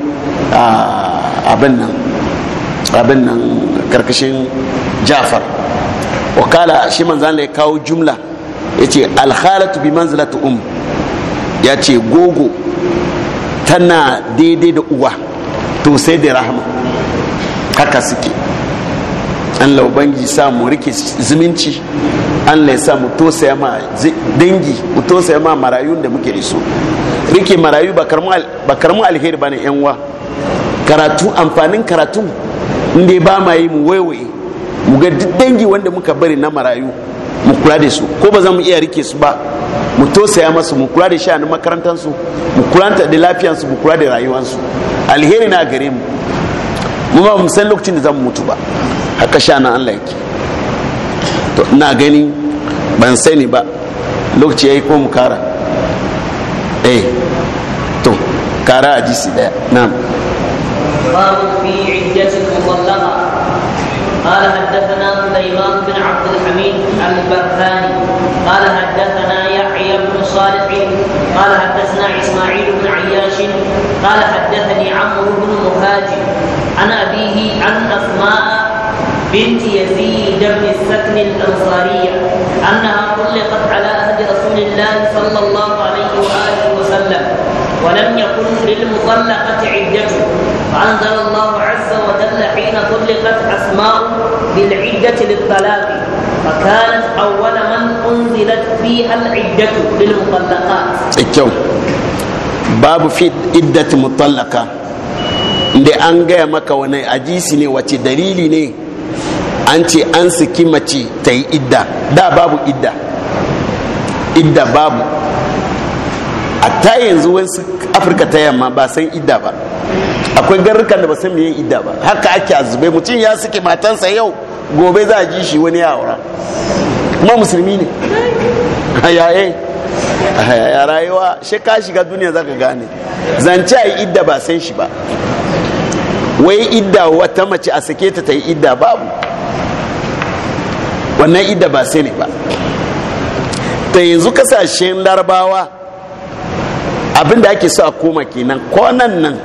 abin nan abin nan karkashin jafar wakala shi manzan ya kawo jumla ya ce alhalatu bi manzilatu um ya ce gogo tana daidai da uwa to sai da rahama haka suke Allah ubangi sa mu rike zumunci Allah ya sa mu tosaya ma dangi mu tosaya ma marayun da muke riso rike marayu ba karmu alheri bane yan wa karatu amfanin karatu inda ba ma yi mu waiwaye mu ga duk dangi wanda muka bari na marayu mu kula da su ko ba za mu iya rike su ba mu tosaya masu mu kula da shi sha'anin makarantarsu mu kula da lafiyansu mu kula da rayuwansu alheri na gare mu mu ba mu san lokacin da za mu mutu ba haka sha na Allah yake to ina gani ban sani ba lokaci yayi ko mu kara eh to kara a jisi daya na'am babu fi قال حدثنا سليمان بن عبد الحميد البرهاني قال حدثنا يحيى بن صالح قال حدثنا اسماعيل بن عياش قال حدثني عمرو بن مهاجر عن أبيه عن أسماء بنت يزيد بن السكن الأنصارية أنها طلقت على أهل رسول الله صلى الله عليه وآله وسلم ولم يكن للمطلقة عدة فأنزل الله عز وجل حين طلقت أسماء بالعدة للطلاق فكانت أول من أنزلت فيها العدة للمطلقات. باب في عدة مطلقة da an gaya maka wani ajisi ne wace dalili ne an ce an saki mace ta yi idda da babu idda idda babu a ta yanzu wasu afirka ta yamma ba san idda ba akwai garrukan da ba san meye idda ba haka ake azube mutum ya suke matansa yau gobe za a ji shi wani yawara kuma musulmi ne hayaye eh. a rayuwa shi ka shiga duniya zaka gane zance a idda ba san shi ba wai idda wata mace a sake ta ta yi idda babu wannan idda ba sai ne ba ta yanzu kasashen larabawa abinda ake so a koma kenan kwanan nan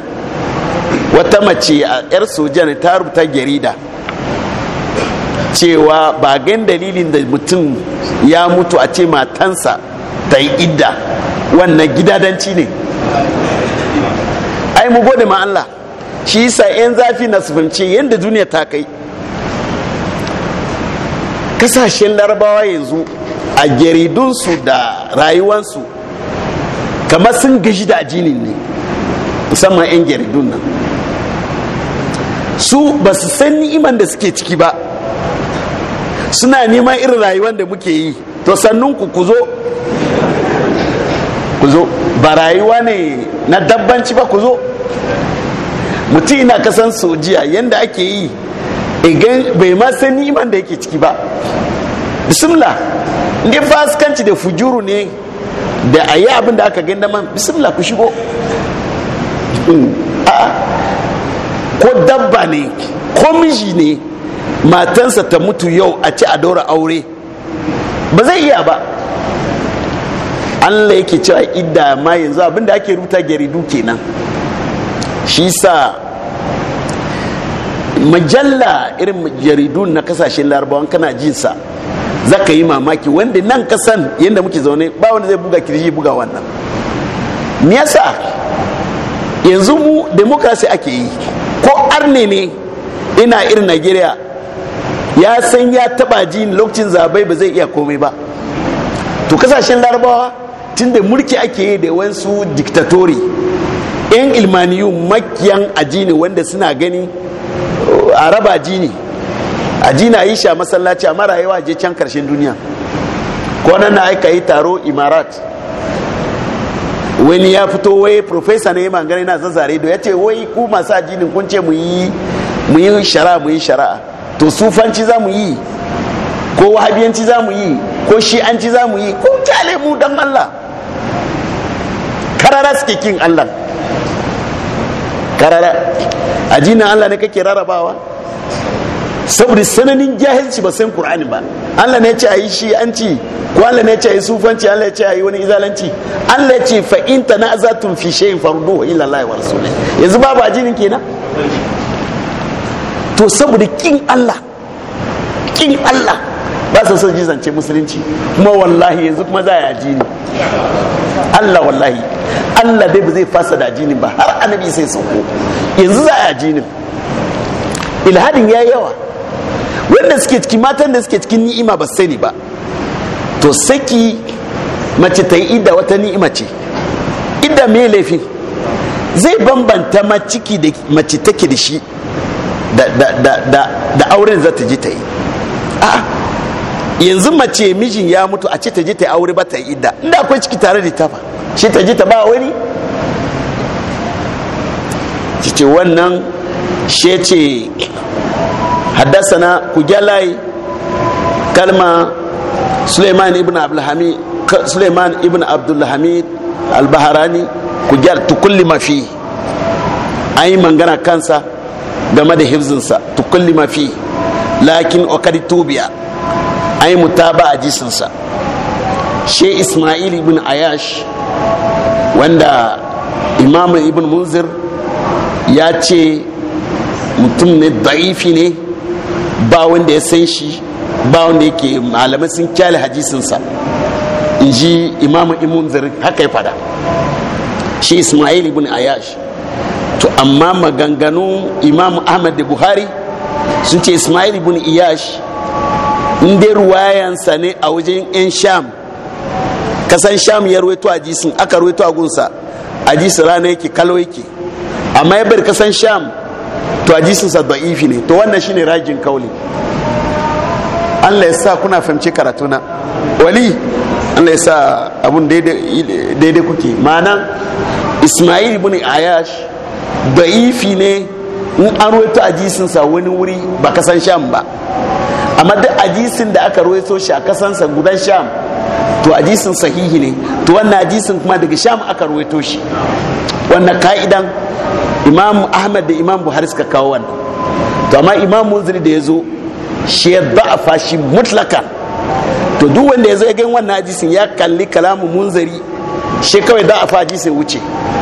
wata mace a 'yar soja sojan ta rubuta jarida cewa ba gan dalilin da mutum ya mutu a ce matansa ta yi idda wannan gidadanci ne ai mu gode ma Allah shi sa 'yan zafi na su yadda duniya ta kai kasashen larabawa yanzu a jaridunsu da rayuwansu kamar sun gaji da ajinin ne musamman 'yan jaridun nan su ba su san ni'iman da suke ciki ba suna neman irin rayuwar da muke yi to sannunku ku ku zo ba rayuwa ne na dabbanci ba ku zo mutum yana kasan sojiya yadda ake yi igan bai ma san niman da yake ciki ba bismillah inda da fujuru ne da a yi abin da aka ganda man bismillah ku shigo mm. ko dabba ne ko miji ne matansa ta mutu yau a ci a daura aure ba zai iya ba allah yake cewa idda ma yanzu abin da ake rubuta jaridu kenan shi sa majalla irin jaridu na kasashen larabawan kana jinsa za ka yi mamaki wanda nan kasan yadda muke zaune ba wanda zai buga kirji buga wannan me yasa yanzu mu demokrasi ake yi ko arne ne ina irin nigeria ya san ya taba ji lokacin zabai ba zai iya komai ba to kasashen larabawa tun da mulki ake yi da wansu diktatori yan ilmaniyu makiyan aji ne wanda suna gani a raba jini a jina yi sha masallaci a mara yawa je can karshen duniya ko nan na aika yi taro imarat wani ya fito wai profesa ne ma gani na zazzare da ya ce wai ku masu ajinin kun ce mu yi shara mu yi shara'a to sufanci za mu yi ko wahabiyanci za mu yi ko shi'anci za mu yi ko kyale mu dan allah karara suke allah karara ajinan Allah ne kake rarabawa saboda sananin jahilci ba san qur'ani ba Allah ne ya ce ayi shi an ci ko Allah ne ya ce ayi sufanci Allah ya ce ayi wani izalanci Allah ya ce fa in tanazatun fi shay'in farduhu ila Allah wa rasulih yanzu babu ajinin kenan to saboda kin Allah kin Allah ba su son ji zance musulunci kuma wallahi yanzu kuma za a yaji ne Allah wallahi Allah bai ba zai fasa da jini ba har annabi sai sauko yanzu za a yaji ne ilhadin ya yawa wanda suke cikin matan da suke cikin ni'ima ba sani ba to saki mace ta yi idda wata ni'ima ce idda me laifin zai bambanta maciki da mace take da shi da auren za ta ji ta yi a'a yanzu mace mijin ya mutu a ce ta je ta aure ba ta yi idda inda akwai ciki tare da ta fa shi ta je ta ba wani ki wannan she ce haddasana ku gyalai kalma suleiman ibn abdulhamid suleiman ibn abdulhamid albaharani ku gyal tukulli mafi an yi mangana kansa game da hifzinsa tukulli mafi lakin okadi tubiya ayi muta mutaba a jisinsa she ismail ibn ayash wanda imam ibn munzir ya ce mutum ne da'ifi ne ba wanda ya san shi ba wanda yake malamai sun kyale hadisinsa in ji imam ibn munzir haka ya fada shi ismail ibn ayash to amma maganganu imam ahmad da buhari sun ce ismail ibn iyash inda dai ruwayansa ne a wajen yan sham kasan sham ya ruwaito a jisin aka ruwaito a gunsa a jisin rana yake kalo yake amma ya bari kasan sham to a sa da'ifi ne to wannan shine rajin kauli Allah ya sa kuna fahimci karatu na, wali Allah ya sa abun daidai kuke ma'ana ismail ibn ayash da'ifi ne in an ruwaito a sa wani wuri ba kasan sham ba amma duk ajisin da aka rawaito shi a kasansa gudan sham to ajisin sahihi ne to wannan ajisin kuma daga sham aka rawaito shi wannan ka'idan imam ahmad da imam buhari suka kawo wannan to amma imam munziri da ya zo shi ya da'afa shi mutlaka to duk wanda ya zo ya gan wannan ajisin ya kalli kalamu munzari shi kawai da'afa hadisin wuce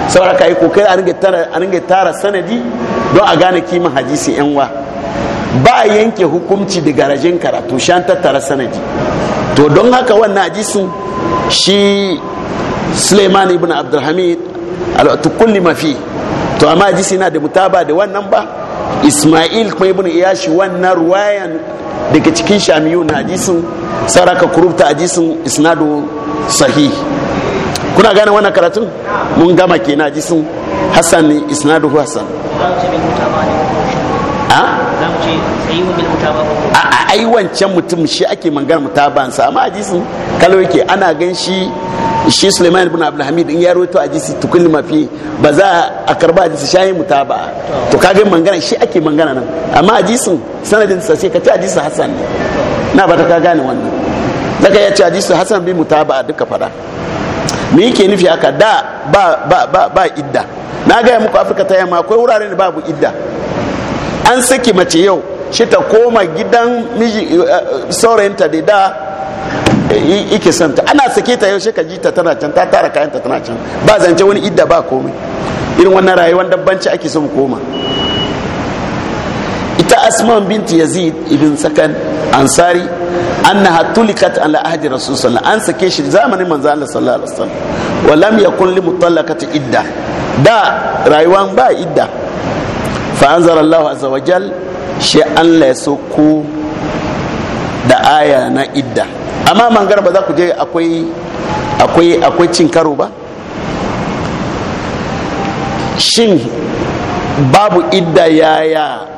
saboda ka yi kokari a ringa tara sanadi don a gane kiman hadisi yan wa ba a yanke hukunci da rajin karatu shan tattara sanadi to don haka wannan ajisun shi suleiman ibn abdulhamid al'atukulli mafi to amma ajisi na da mutaba da wannan ba ismail kuma ibn iyashi wannan ruwayan daga cikin shamiyu na ajisun saraka kurubta ajisun isnadu sahih kuna gane wannan karatun mun gama kenan ajisun hassan isnadu hassan a ai wancan mutum shi ake mangar mutabansa amma hadisin kalo yake ana gan shi shi Suleiman ibn Abdul Hamid in ya rawaito hadisi tukun mafi ba za a karba hadisi shayi mutaba to kaga mangana shi ake mangana nan amma hadisin sanadin sa sai ka ci hadisin Hassan ne na ba ta ka gane wannan daga ya ci hadisin Hassan bi mutaba duka fada me yake nufi haka da ba ba ba ba idda na ga muku Afirka ta yamma akwai wuraren da babu idda an saki mace yau shi ta koma gidan eh, eh, saurayinta da da eh, ike santa ana sake ta yaushe ka ji ta tana can ta tara kayanta tana can ba zance wani idda ba komai irin wannan rayuwar dabbanci ake son koma ita asman binti yazid ibn sakan ansari annaha hatulikat ala ahdi rasul sallallahu an sake shi zamanin manzo Allah sallallahu alaihi wasallam wa lam yakun li mutallaqati idda da rayuwan ba idda fa anzara Allah azza wa shi allah ya sauko da aya na idda amma mangar ba za ku je akwai akwai akwai cin karo ba shin babu idda yaya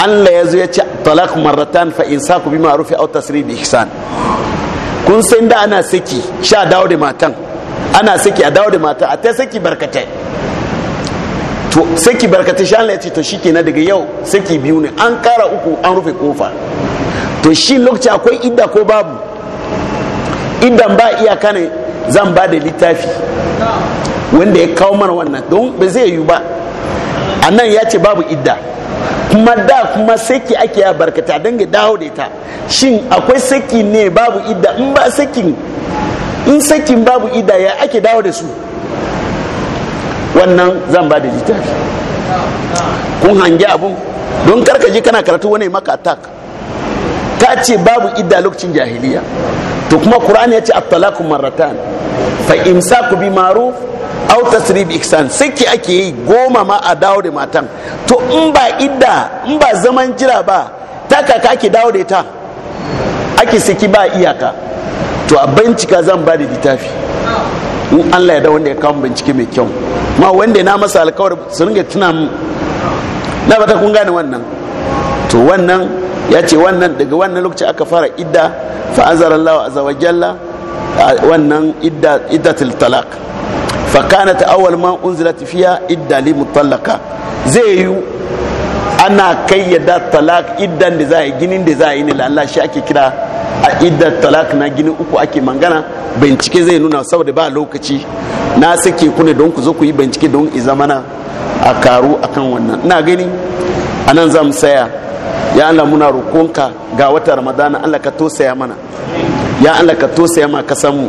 allah ya zo ya ci talak marratan fa in saku bi ma'rufi aw tasri bi ihsan kun san da ana saki sha dawo da matan ana saki a dawo da matan a ta saki barkatai to saki barkata shi Allah ya ce to daga yau saki biyu ne an kara uku an rufe kofa to shi lokaci akwai idda ko babu idan ba iyaka ne zan ba da littafi wanda ya kawo mana wannan don ba zai yi ba a nan ya ce babu idda kuma da kuma saki ake ya barkata don ga dawo da ita shin akwai saki ne babu idda in ba sakin in sakin babu idda ya ake dawo da su wannan zan ba da littafi kun hangi abun don karkaji kana karatu wani maka attack ta ce babu idda lokacin jahiliya to kuma qur'ani ya ce at-talaqu marratan fa imsaku bi ma'ruf aw tasrib ihsan saki ake yi goma ma a dawo da matan to in ba idda in ba zaman jira ba ta kaka ake dawo da ta ake saki ba iyaka to a bincika zan ba da littafi in allah ya da wanda ya kawo bincike mai kyau ma wanda na masa alkawar su ringa tuna mu na bata kun gane wannan to wannan ya ce wannan daga wannan lokaci aka fara idda fa anzalallahu azza wa jalla wannan idda iddatul talaq fa kanat awwal ma unzilat fiya idda li mutallaqa zai yi ana kayyada talak iddan da za a yi ginin da za a yi ne lalla shi ake kira a idda talak na gini uku ake mangana bincike zai nuna saboda ba lokaci na sake ku ne don ku zo ku yi bincike don iza mana a karu akan wannan ina gani a nan za mu saya ya Allah muna roƙonka ga wata ramadana Allah ka tosaya mana ya Allah ka tosaya ma kasan mu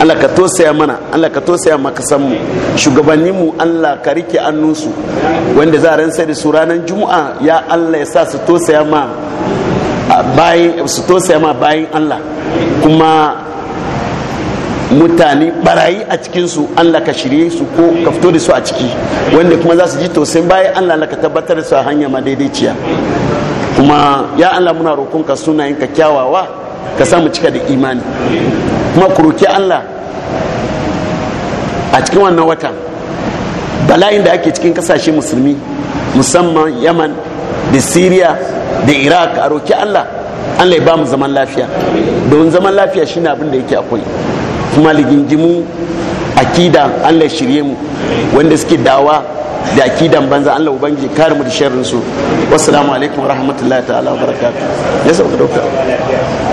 Allah ka tosaya mana Allah ka tosaya ma kasan mu shugabannin mu Allah ka rike annunsu wanda za a ransa da su ranar juma'a ya Allah ya sa su tosaya ma bayan su tosa ma bayan Allah kuma mutane barayi a cikinsu Allah ka shirye su ko ka fito da su a ciki wanda kuma za su ji tausayin bayan Allah ka tabbatar da su a hanya madaidaiciya kuma ya Allah muna roƙonka sunayenka kyawawa ka samu cika da imani kuma ku roki Allah a cikin wannan watan bala'in da ake cikin kasashe musulmi musamman yaman da syria da iraq a roki allah allah ya ba mu zaman lafiya domin zaman lafiya shine abin da yake akwai kuma ligingimu akida allah ya shirye mu wanda suke dawa da akidan banza allah ubangiji kare mu da sharrin su wassalamu alaikum rahmatullahi ta'ala wa ya